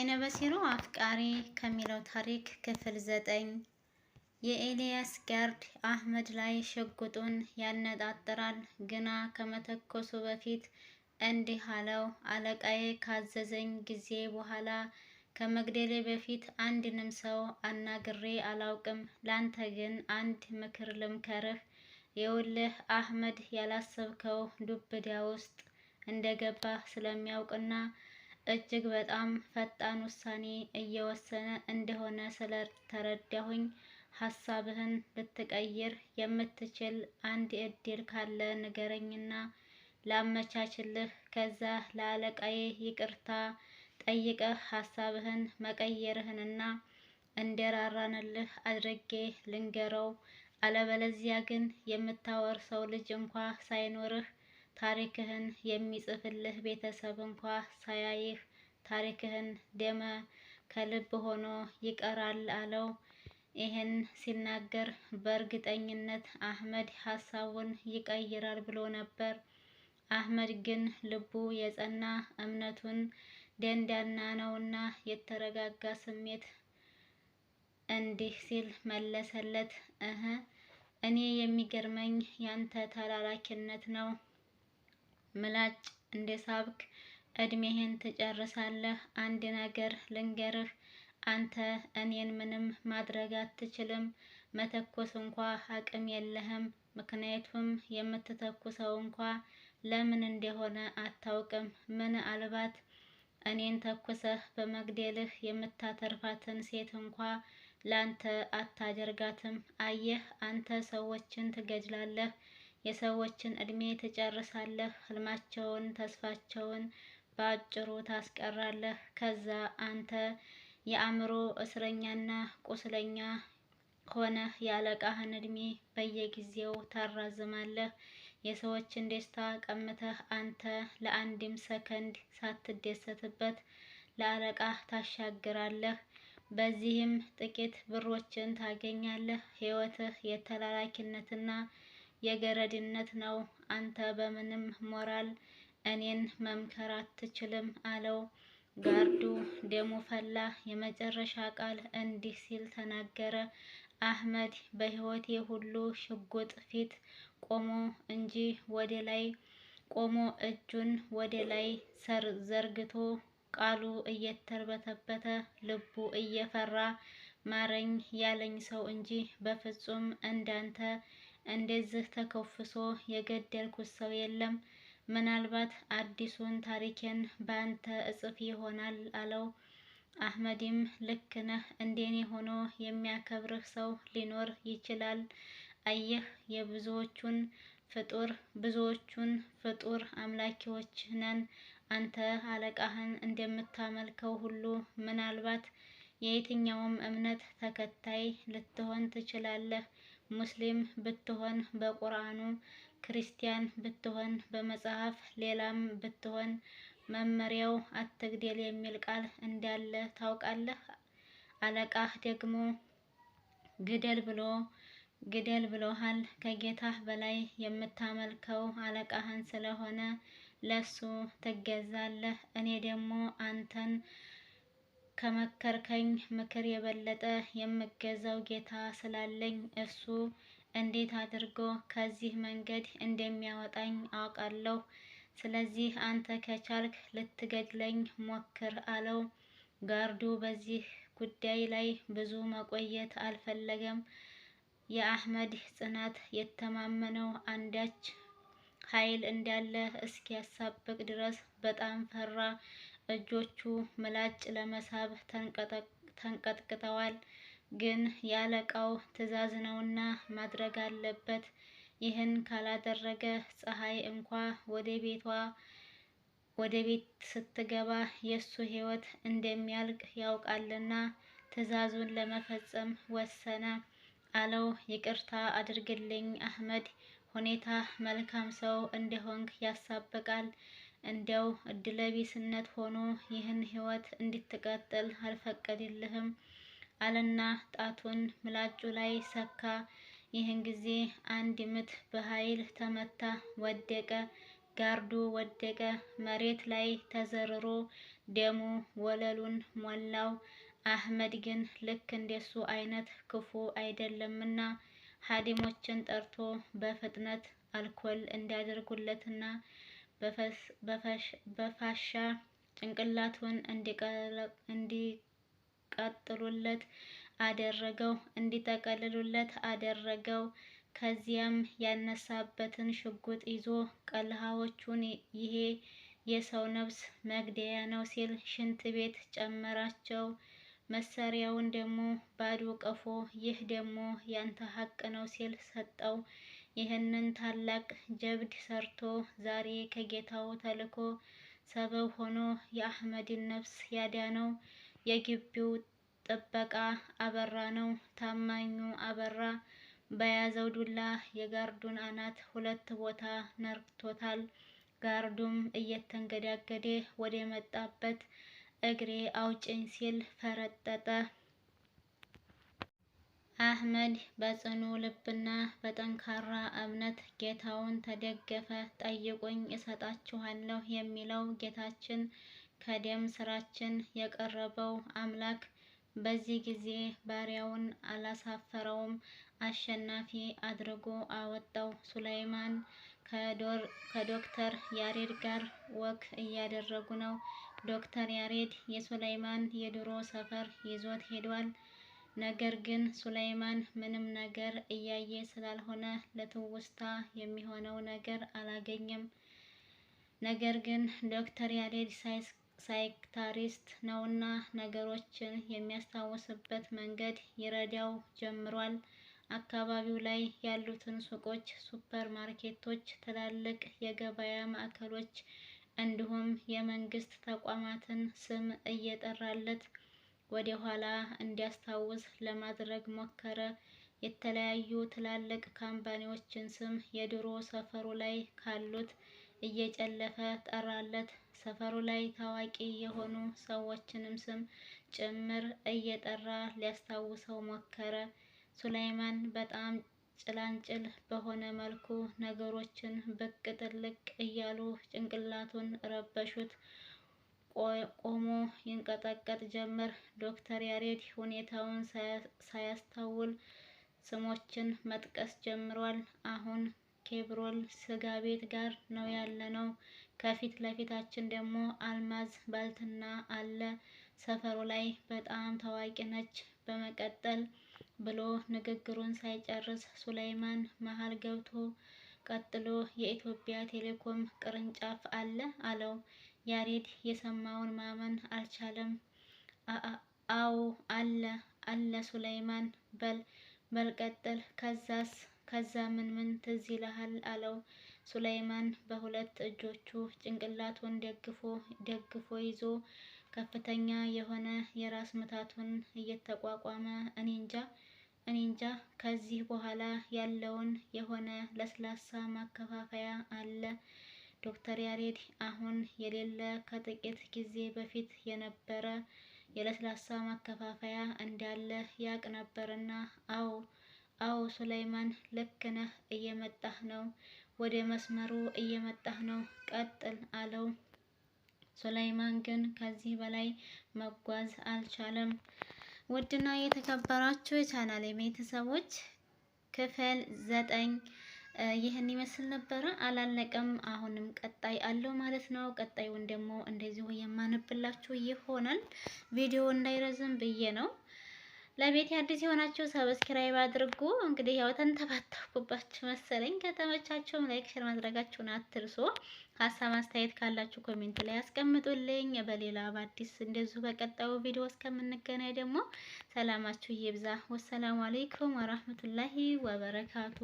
አይነ በሲሩ አፍቃሪ ከሚለው ታሪክ ክፍል ዘጠኝ የኤልያስ ጋርድ አህመድ ላይ ሽጉጡን ያነጣጥራል። ግና ከመተኮሱ በፊት እንዲህ አለው፣ አለቃዬ ካዘዘኝ ጊዜ በኋላ ከመግደሌ በፊት አንድንም ሰው አናግሬ አላውቅም። ላንተ ግን አንድ ምክር ልምከርህ። የውልህ አህመድ ያላሰብከው ዱብዳ ውስጥ እንደገባ ስለሚያውቅና እጅግ በጣም ፈጣን ውሳኔ እየወሰነ እንደሆነ ስለተረዳሁኝ ሀሳብህን ልትቀይር የምትችል አንድ እድል ካለ ንገረኝና ላመቻችልህ። ከዛ ለአለቃዬ ይቅርታ ጠይቀህ ሀሳብህን መቀየርህንና እንደራራንልህ አድርጌ ልንገረው። አለበለዚያ ግን የምታወርሰው ልጅ እንኳ ሳይኖርህ ታሪክህን የሚጽፍልህ ቤተሰብ እንኳ ሳያይህ ታሪክህን ደመ ከልብ ሆኖ ይቀራል አለው። ይህን ሲናገር በእርግጠኝነት አህመድ ሀሳቡን ይቀይራል ብሎ ነበር። አህመድ ግን ልቡ የጸና እምነቱን ደንዳና ነውና የተረጋጋ ስሜት እንዲህ ሲል መለሰለት። እህ እኔ የሚገርመኝ ያንተ ተላላኪነት ነው። ምላጭ እንደ ሳብክ እድሜህን ትጨርሳለህ። አንድ ነገር ልንገርህ፣ አንተ እኔን ምንም ማድረግ አትችልም። መተኮስ እንኳ አቅም የለህም። ምክንያቱም የምትተኩሰው እንኳ ለምን እንደሆነ አታውቅም። አልባት እኔን ተኩሰህ በመግደልህ የምታተርፋትን ሴት እንኳ ላንተ አታደርጋትም። አየህ፣ አንተ ሰዎችን ትገድላለህ የሰዎችን እድሜ ትጨርሳለህ፣ ህልማቸውን፣ ተስፋቸውን በአጭሩ ታስቀራለህ። ከዛ አንተ የአእምሮ እስረኛና ቁስለኛ ሆነህ የአለቃህን እድሜ በየጊዜው ታራዝማለህ። የሰዎችን ደስታ ቀምተህ አንተ ለአንድም ሰከንድ ሳትደሰትበት ለአለቃህ ታሻግራለህ። በዚህም ጥቂት ብሮችን ታገኛለህ። ህይወትህ የተላላኪነትና የገረድነት ነው። አንተ በምንም ሞራል እኔን መምከር አትችልም አለው። ጋርዱ ደሙ ፈላ። የመጨረሻ ቃል እንዲህ ሲል ተናገረ። አህመድ በህይወቴ ሁሉ ሽጉጥ ፊት ቆሞ እንጂ ወደ ላይ ቆሞ እጁን ወደ ላይ ዘርግቶ ቃሉ እየተርበተበተ ልቡ እየፈራ ማረኝ ያለኝ ሰው እንጂ በፍጹም እንዳንተ እንደዚህ ተኮፍሶ የገደልኩት ሰው የለም። ምናልባት አዲሱን ታሪኬን በአንተ እጽፍ ይሆናል አለው። አህመድም ልክ ነህ፣ እንደኔ ሆኖ የሚያከብርህ ሰው ሊኖር ይችላል። አየህ የብዙዎቹን ፍጡር ብዙዎቹን ፍጡር አምላኪዎች ነን። አንተ አለቃህን እንደምታመልከው ሁሉ ምናልባት የየትኛውም እምነት ተከታይ ልትሆን ትችላለህ። ሙስሊም ብትሆን በቁርአኑ፣ ክርስቲያን ብትሆን በመጽሐፍ፣ ሌላም ብትሆን መመሪያው አትግደል የሚል ቃል እንዳለ ታውቃለህ። አለቃህ ደግሞ ግደል ብሎ ግደል ብሎሃል። ከጌታህ በላይ የምታመልከው አለቃህን ስለሆነ ለሱ ትገዛለህ። እኔ ደግሞ አንተን ከመከርከኝ ምክር የበለጠ የምገዛው ጌታ ስላለኝ እርሱ እንዴት አድርጎ ከዚህ መንገድ እንደሚያወጣኝ አውቃለሁ። ስለዚህ አንተ ከቻልክ ልትገድለኝ ሞክር አለው። ጋርዱ በዚህ ጉዳይ ላይ ብዙ መቆየት አልፈለገም። የአህመድ ጽናት የተማመነው አንዳች ኃይል እንዳለ እስኪያሳብቅ ድረስ በጣም ፈራ። እጆቹ ምላጭ ለመሳብ ተንቀጥቅጠዋል። ግን ያለቃው ትዕዛዝ ነውና ማድረግ አለበት። ይህን ካላደረገ ፀሐይ እንኳ ወደ ቤቷ ወደ ቤት ስትገባ የእሱ ሕይወት እንደሚያልቅ ያውቃልና ትዕዛዙን ለመፈጸም ወሰነ። አለው ይቅርታ አድርግልኝ አህመድ፣ ሁኔታ መልካም ሰው እንደሆንክ ያሳብቃል። እንዲያው እድለቢስነት ሆኖ ይህን ህይወት እንድትቀጥል አልፈቀድልህም አለና ጣቱን ምላጩ ላይ ሰካ። ይህን ጊዜ አንድ ምት በኃይል ተመታ፣ ወደቀ። ጋርዱ ወደቀ፣ መሬት ላይ ተዘርሮ ደሙ ወለሉን ሞላው። አህመድ ግን ልክ እንደሱ አይነት ክፉ አይደለምና ሀዲሞችን ጠርቶ በፍጥነት አልኮል እንዲያደርጉለትና በፋሻ ጭንቅላቱን እንዲቀጥሉለት አደረገው እንዲጠቀልሉለት አደረገው። ከዚያም ያነሳበትን ሽጉጥ ይዞ ቀልሃዎቹን ይሄ የሰው ነፍስ መግደያ ነው ሲል ሽንት ቤት ጨመራቸው። መሳሪያውን ደግሞ ባዶ ቀፎ፣ ይህ ደግሞ ያንተ ሀቅ ነው ሲል ሰጠው። ይህንን ታላቅ ጀብድ ሰርቶ ዛሬ ከጌታው ተልኮ ሰበብ ሆኖ የአህመድን ነፍስ ያዳነው የግቢው ጥበቃ አበራ ነው። ታማኙ አበራ በያዘው ዱላ የጋርዱን አናት ሁለት ቦታ ነርቶታል። ጋርዱም እየተንገዳገደ ወደ መጣበት እግሬ አውጭኝ ሲል ፈረጠጠ። አህመድ በጽኑ ልብና በጠንካራ እምነት ጌታውን ተደገፈ። ጠይቁኝ እሰጣችኋለሁ የሚለው ጌታችን ከደም ስራችን የቀረበው አምላክ በዚህ ጊዜ ባሪያውን አላሳፈረውም፣ አሸናፊ አድርጎ አወጣው። ሱላይማን ከዶክተር ያሬድ ጋር ወክ እያደረጉ ነው። ዶክተር ያሬድ የሱላይማን የድሮ ሰፈር ይዞት ሄዷል። ነገር ግን ሱላይማን ምንም ነገር እያየ ስላልሆነ ለትውስታ የሚሆነው ነገር አላገኘም። ነገር ግን ዶክተር ያሬድ ሳይክታሪስት ነውና ነገሮችን የሚያስታውስበት መንገድ ይረዳው ጀምሯል። አካባቢው ላይ ያሉትን ሱቆች፣ ሱፐር ማርኬቶች፣ ትላልቅ የገበያ ማዕከሎች እንዲሁም የመንግስት ተቋማትን ስም እየጠራለት ወደ ኋላ እንዲያስታውስ ለማድረግ ሞከረ። የተለያዩ ትላልቅ ካምፓኒዎችን ስም የድሮ ሰፈሩ ላይ ካሉት እየጨለፈ ጠራለት። ሰፈሩ ላይ ታዋቂ የሆኑ ሰዎችንም ስም ጭምር እየጠራ ሊያስታውሰው ሞከረ። ሱላይማን በጣም ጭላንጭል በሆነ መልኩ ነገሮችን ብቅ ጥልቅ እያሉ ጭንቅላቱን ረበሹት። ቆሞ ይንቀጠቀጥ ጀመር። ዶክተር ያሬድ ሁኔታውን ሳያስተውል ስሞችን መጥቀስ ጀምሯል። አሁን ኬብሮን ስጋ ቤት ጋር ነው ያለነው። ከፊት ለፊታችን ደግሞ አልማዝ ባልትና አለ። ሰፈሩ ላይ በጣም ታዋቂ ነች። በመቀጠል ብሎ ንግግሩን ሳይጨርስ ሱላይማን መሀል ገብቶ ቀጥሎ የኢትዮጵያ ቴሌኮም ቅርንጫፍ አለ አለው። ያሬድ የሰማውን ማመን አልቻለም። አዎ አለ አለ ሱለይማን። በል በል ከዛስ? ከዛ ምን ምን ትዝ ይልሃል አለው። ሱለይማን በሁለት እጆቹ ጭንቅላቱን ደግፎ ደግፎ ይዞ ከፍተኛ የሆነ የራስ ምታቱን እየተቋቋመ እኔ እንጃ እኔ እንጃ ከዚህ በኋላ ያለውን የሆነ ለስላሳ ማከፋፈያ አለ ዶክተር ያሬድ አሁን የሌለ ከጥቂት ጊዜ በፊት የነበረ የለስላሳ ማከፋፈያ እንዳለ ያቅ ነበርና አዎ አዎ ሱላይማን ልክ ነህ፣ እየመጣህ ነው፣ ወደ መስመሩ እየመጣህ ነው፣ ቀጥል አለው። ሱላይማን ግን ከዚህ በላይ መጓዝ አልቻለም። ውድና የተከበራችሁ የቻናል ቤተሰቦች ክፍል ዘጠኝ ይህን ይመስል ነበረ። አላለቀም፣ አሁንም ቀጣይ አለው ማለት ነው። ቀጣዩን ደግሞ እንደዚሁ የማነብላችሁ ይሆናል። ቪዲዮ እንዳይረዝም ብዬ ነው። ለቤት አዲስ የሆናችሁ ሰብስክራይብ አድርጉ። እንግዲህ ያው ተንተባተብኩባችሁ መሰለኝ። ከተመቻችሁም ላይክ፣ ሼር ማድረጋችሁን አትርሱ። ሀሳብ አስተያየት ካላችሁ ኮሜንት ላይ አስቀምጡልኝ በሌላ በአዲስ እንደዚሁ በቀጣዩ ቪዲዮ እስከምንገናኝ ደግሞ ሰላማችሁ ይብዛ። ወሰላሙ አለይኩም ወራህመቱላሂ ወበረካቱ